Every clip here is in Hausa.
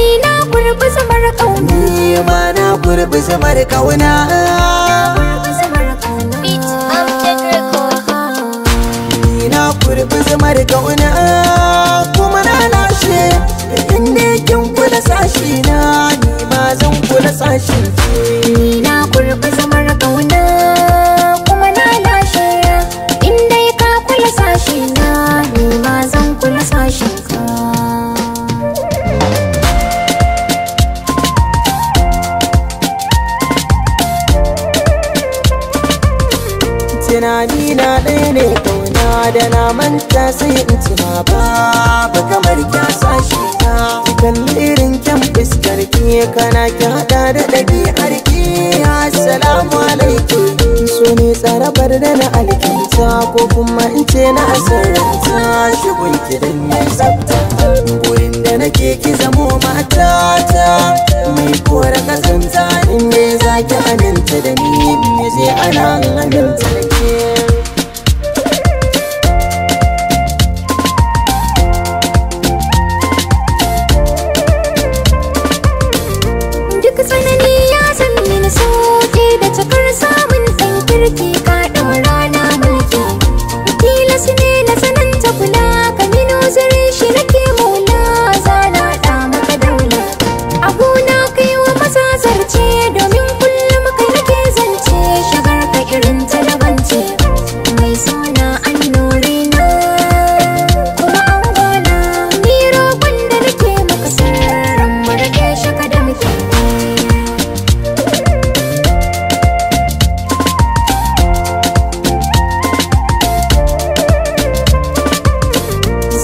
ni na gurbi zamar kauna ni ma na gurbi zamar kauna ni na gurbi zamar kauna kuma na lashe inda kin kula sashi na ni ma zan kula sashi tunani na ɗaya ne kauna da na manta sai in ci ma ba kamar kya sashi ta kalli irin kyan fiskar. ki kana ki hada da ɗabi'ar ki assalamu alaikum so ne tsarabar da na alkinta ko kuma in ce na asararta shigun ki dan ya tsafta gurin da nake ki zamo matata mai kora kasanta in ne zaki aminta da ni me zai ana aminta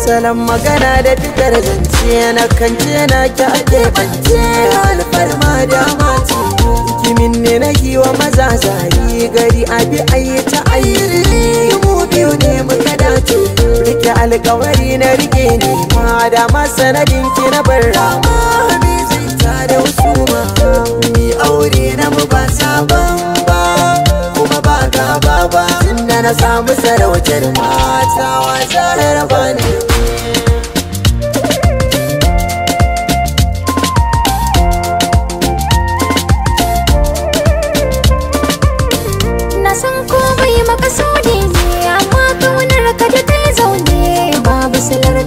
salon magana da fitar zance na kance na ki ake bance alfarma da mace kimin ne na wa maza zari gari abi ayi ta Ayi mu biyu ne muka dace rike alkawari na rike ne ma da ma sanadin ki na bar rama zai ta da usuma mi aure na mu ba sabon ba kuma ba gaba ba tunda na samu sarautar mata wa zarar ne.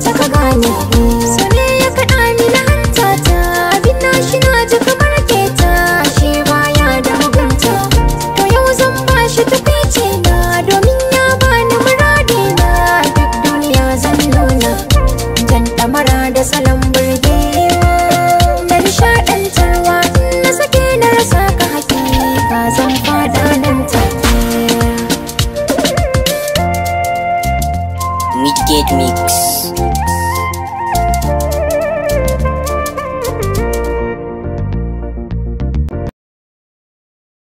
ta ka gane sune ya kaɗa ni na hanta ta abin na shi na ji kamar keta shi baya da mugunta to yau zan ba shi tukwici na domin ya bani muradi na duk duniya zan nuna jan ɗamara da salon burgewa na nishaɗantarwa na sake na rasa ka ba zan faɗa nan take midgate Mix.